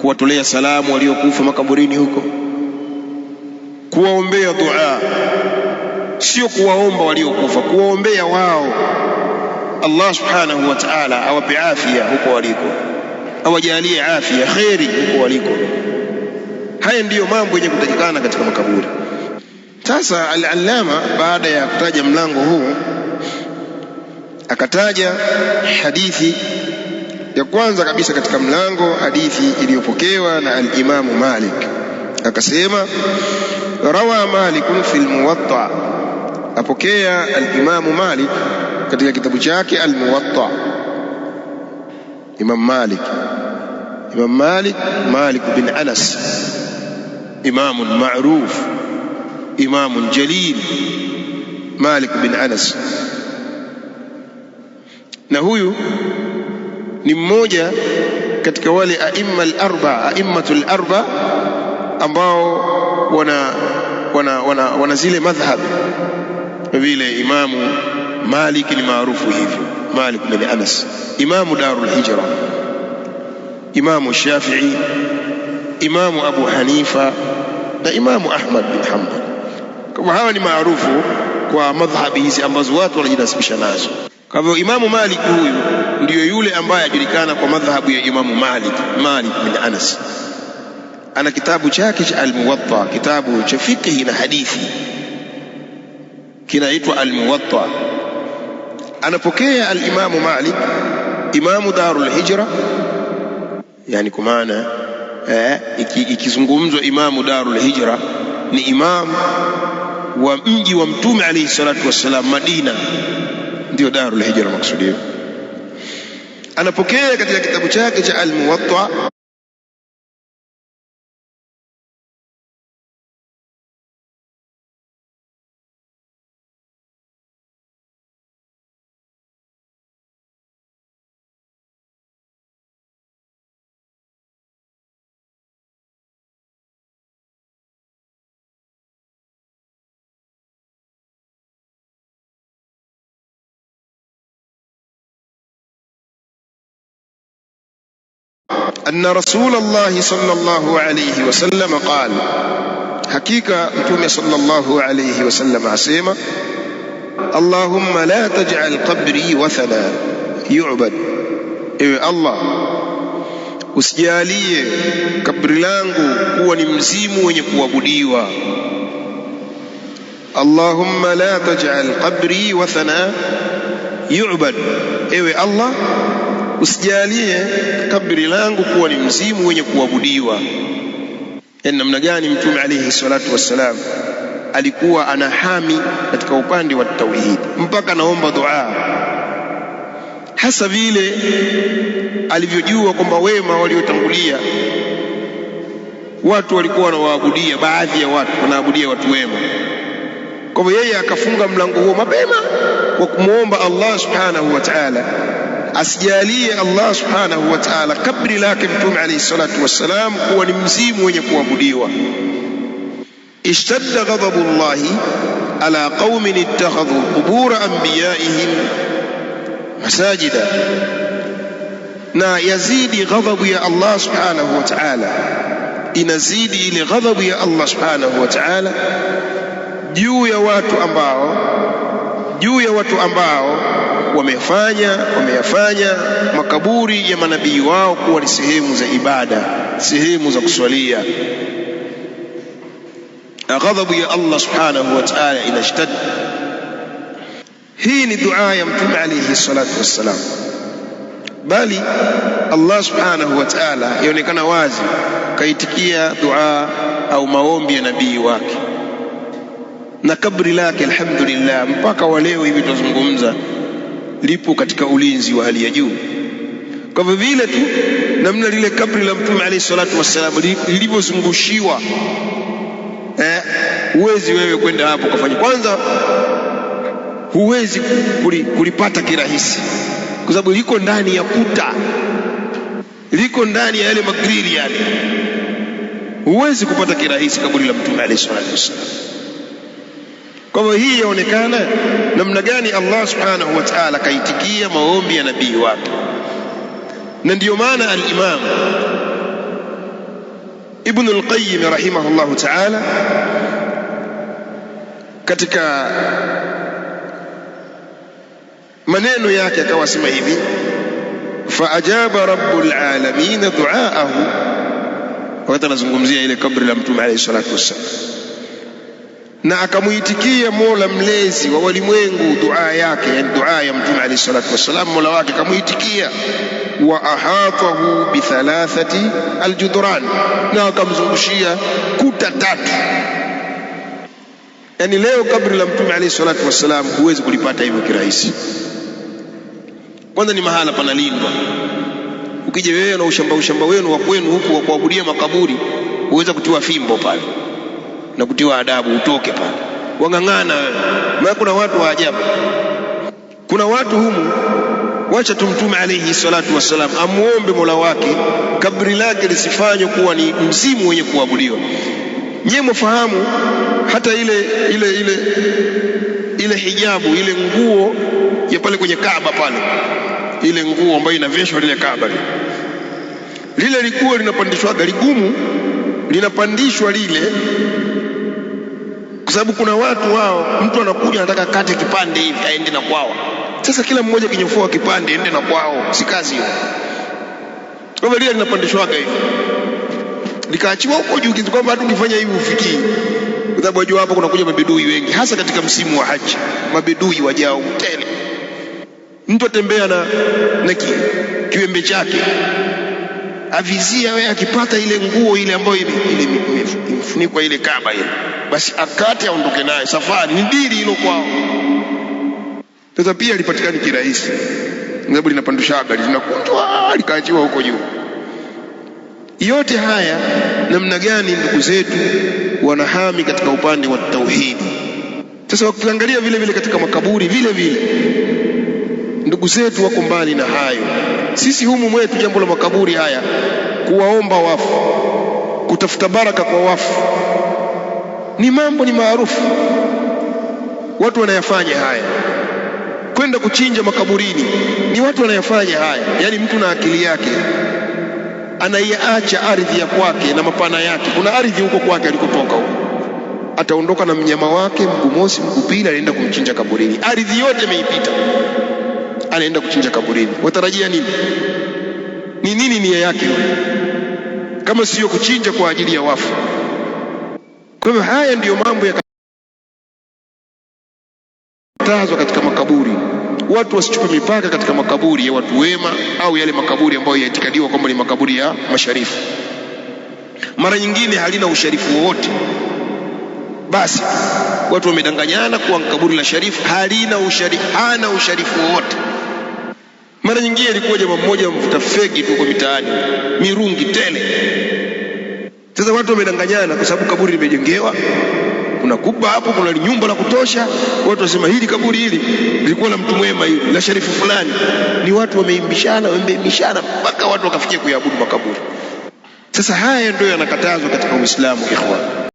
kuwatolea salamu waliokufa makaburini huko, kuwaombea dua, sio kuwaomba waliokufa, kuwaombea wao. Allah subhanahu wa ta'ala awape afya huko waliko, awajalie afya kheri huko waliko. Haya ndiyo mambo yenye kutakikana katika makaburi. Sasa Al-Allama baada ya kutaja mlango huu akataja hadithi ya kwanza kabisa katika mlango, hadithi iliyopokewa na alimamu Malik akasema, rawa malikun fi lmuwatta, apokea alimamu Malik katika kitabu chake al-Muwatta. Imam Malik, Imam Malik, Malik bin Anas, imamun maruf, imamun jalil, Malik bin Anas na huyu ni mmoja katika wale aima larba arba aimatul ambao wana, wana, wana, wana zile madhhab vile Imamu Malik ni maarufu hivyo, Malik bin Anas, Imamu Darul Hijra, Imamu Shafi'i, Imamu Abu Hanifa na Imamu Ahmad bin Hanbal. Kama hawa ni maarufu kwa madhhabi hizi ambazo watu wanajinasibisha nazo. Kwa hivyo Imamu Malik huyu ndiyo yule ambaye ajulikana kwa madhhabu ya Imamu Malik, Malik bin Anas. Ana kitabu chake cha Almuwatta, kitabu cha fiqhi na hadithi, kinaitwa Almuwatta. Anapokea Alimamu Malik, Imamu Darul Hijra, yani kwa maana eh, ikizungumzwa iki Imamu Darul Hijra ni imamu wa mji wa Mtume alaihi salatu wassalam, Madina. ndio Darul Hijra Maksudi. Anapokea katika kitabu chake cha Al-Muwatta أن رسول الله صلى الله عليه وسلم قال حقيقة أنتم صلى الله عليه وسلم عسيمة اللهم لا تجعل قبري وثنا يعبد إيه الله usijalie kabri langu kuwa ni mzimu wenye kuabudiwa allahumma la tajal qabri wathana yubad ewe usijalie kabri langu kuwa ni mzimu wenye kuabudiwa. Yani namna gani Mtume alaihi salatu wassalam alikuwa ana hami katika upande wa tauhidi, mpaka anaomba dua, hasa vile alivyojua kwamba wema waliotangulia watu walikuwa wanawaabudia, baadhi ya watu wanaabudia watu wema. Kwa hivyo yeye akafunga mlango huo mapema kwa kumwomba Allah subhanahu wa ta'ala asijalie Allah subhanahu wa ta'ala kabri lake Mtume alayhi salatu wassalam kuwa ni mzimu wenye kuabudiwa. Ishtadda ghadhabu llahi ala qaumin ittakhadhu qubura anbiyaihim masajida, na yazidi ghadhabu ya Allah subhanahu wa ta'ala, inazidi ile ghadhabu ya Allah subhanahu wa ta'ala juu ya watu ambao juu ya watu ambao wamefanya wameyafanya makaburi ya manabii wao kuwa ni sehemu za ibada, sehemu za kuswalia. Na ghadhabu ya Allah subhanahu wa ta'ala inashtad. Hii ni dua ya Mtume alayhi salatu wassalam, bali Allah subhanahu wa ta'ala yaonekana wazi kaitikia dua au maombi ya nabii wake na kabri lake, alhamdulillah, mpaka wa leo hivi tunazungumza lipo katika ulinzi wa hali ya juu. Kwa hivyo vile tu namna lile kabri la Mtume alayhi salatu wassalam lilivyozungushiwa eh, huwezi wewe kwenda hapo kufanya. Kwanza huwezi kulipata kirahisi, kwa sababu liko ndani ya kuta, liko ndani ya yale magrili yale, huwezi kupata kirahisi kaburi la Mtume alayhi salatu wassalam. Kwa hivyo hii yaonekana namna gani Allah subhanahu wa ta'ala kaitikia maombi ya nabii wake, na ndiyo maana al-Imam Ibn al-Qayyim rahimahullahu ta'ala katika maneno yake akawa sema hivi fa ajaba rabbul alamin duaahu, wakati anazungumzia ile kabri la Mtume alayhi salatu wassalam na akamuitikia Mola mlezi wa walimwengu dua yake, yani dua ya Mtume alayhi salatu wassalam. Mola wake akamwitikia wa ahatahu bi thalathati aljudran, na akamzungushia kuta tatu. Yani leo kabri la Mtume alayhi salatu wassalam huwezi kulipata hivyo kirahisi. Kwanza ni mahala panalindwa. Ukija wewe na ushamba ushamba wenu wa kwenu huku wa kuabudia makaburi, huweza kutiwa fimbo pale na kutiwa adabu, utoke pale, wang'ang'ana wewe. Maana kuna watu wa ajabu, kuna watu humu. Wacha tumtume alaihi salatu wassalam amuombe mola wake kabri lake lisifanywe kuwa ni mzimu wenye kuabudiwa. Nyie mwafahamu hata ile, ile, ile, ile hijabu ile nguo ya pale kwenye Kaaba pale, ile nguo ambayo inaveshwa lile Kaaba lile likuwa linapandishwaga ligumu linapandishwa lile kwa sababu kuna watu wao, mtu anakuja anataka kate kipande hivi aende na kwao. Sasa kila mmoja kinyofoa kipande ende na kwao, si kazi hiyo? Kama lile linapandishwaga hivi nikaachiwa huko juu, kitu kwamba hata ukifanya hivi ufikii, kwa sababu wajua hapo kunakuja mabedui wengi, hasa katika msimu wa haji, mabedui wajao tele. Mtu atembea na, na ki, kiwembe chake avizia, wewe akipata ile nguo ile ambayo imefunikwa ile kaba ile basi akate aondoke naye. Safari ni dili hilo kwao. Sasa pia lipatikani kirahisi, sababu linapandushaga, linakutwa likaachiwa huko juu. Yote haya namna gani ndugu zetu wanahami katika upande wa tauhidi. Sasa wakiangalia vile vile katika makaburi vile vile ndugu zetu wako mbali na hayo. Sisi humu mwetu jambo la makaburi haya, kuwaomba wafu, kutafuta baraka kwa wafu ni mambo ni maarufu, watu wanayafanya haya. Kwenda kuchinja makaburini ni watu wanayafanya haya. Yaani mtu na akili yake anayeacha ardhi ya kwake na mapana yake. Kuna ardhi huko kwake alikotoka huko, ataondoka na mnyama wake, mguu mosi, mguu pili, anaenda kumchinja kaburini. Ardhi yote imeipita, anaenda kuchinja kaburini. Watarajia nini? Ni nini nia yake kama siyo kuchinja kwa ajili ya wafu? Kwa hivyo haya ndiyo mambo yakatazwa katika makaburi. Watu wasichupe mipaka katika makaburi ya watu wema au yale makaburi ambayo yaitikadiwa kwamba ni makaburi ya masharifu. Mara nyingine halina usharifu wowote, basi watu wamedanganyana kuwa kaburi la sharifu halina usharifu, hana usharifu wowote. Mara nyingine alikuwa jamaa mmoja mvuta fegi tu kwa mitaani, mirungi tele sasa watu wamedanganyana kwa sababu kaburi limejengewa, kuna kubwa hapo, kuna nyumba la kutosha. Watu wasema hili kaburi hili lilikuwa la mtu mwema, hili la sharifu fulani. Ni watu wameimbishana, wameimbishana mpaka watu wakafikia kuyaabudu makaburi. Sasa haya ndio yanakatazwa katika Uislamu, ikhwan.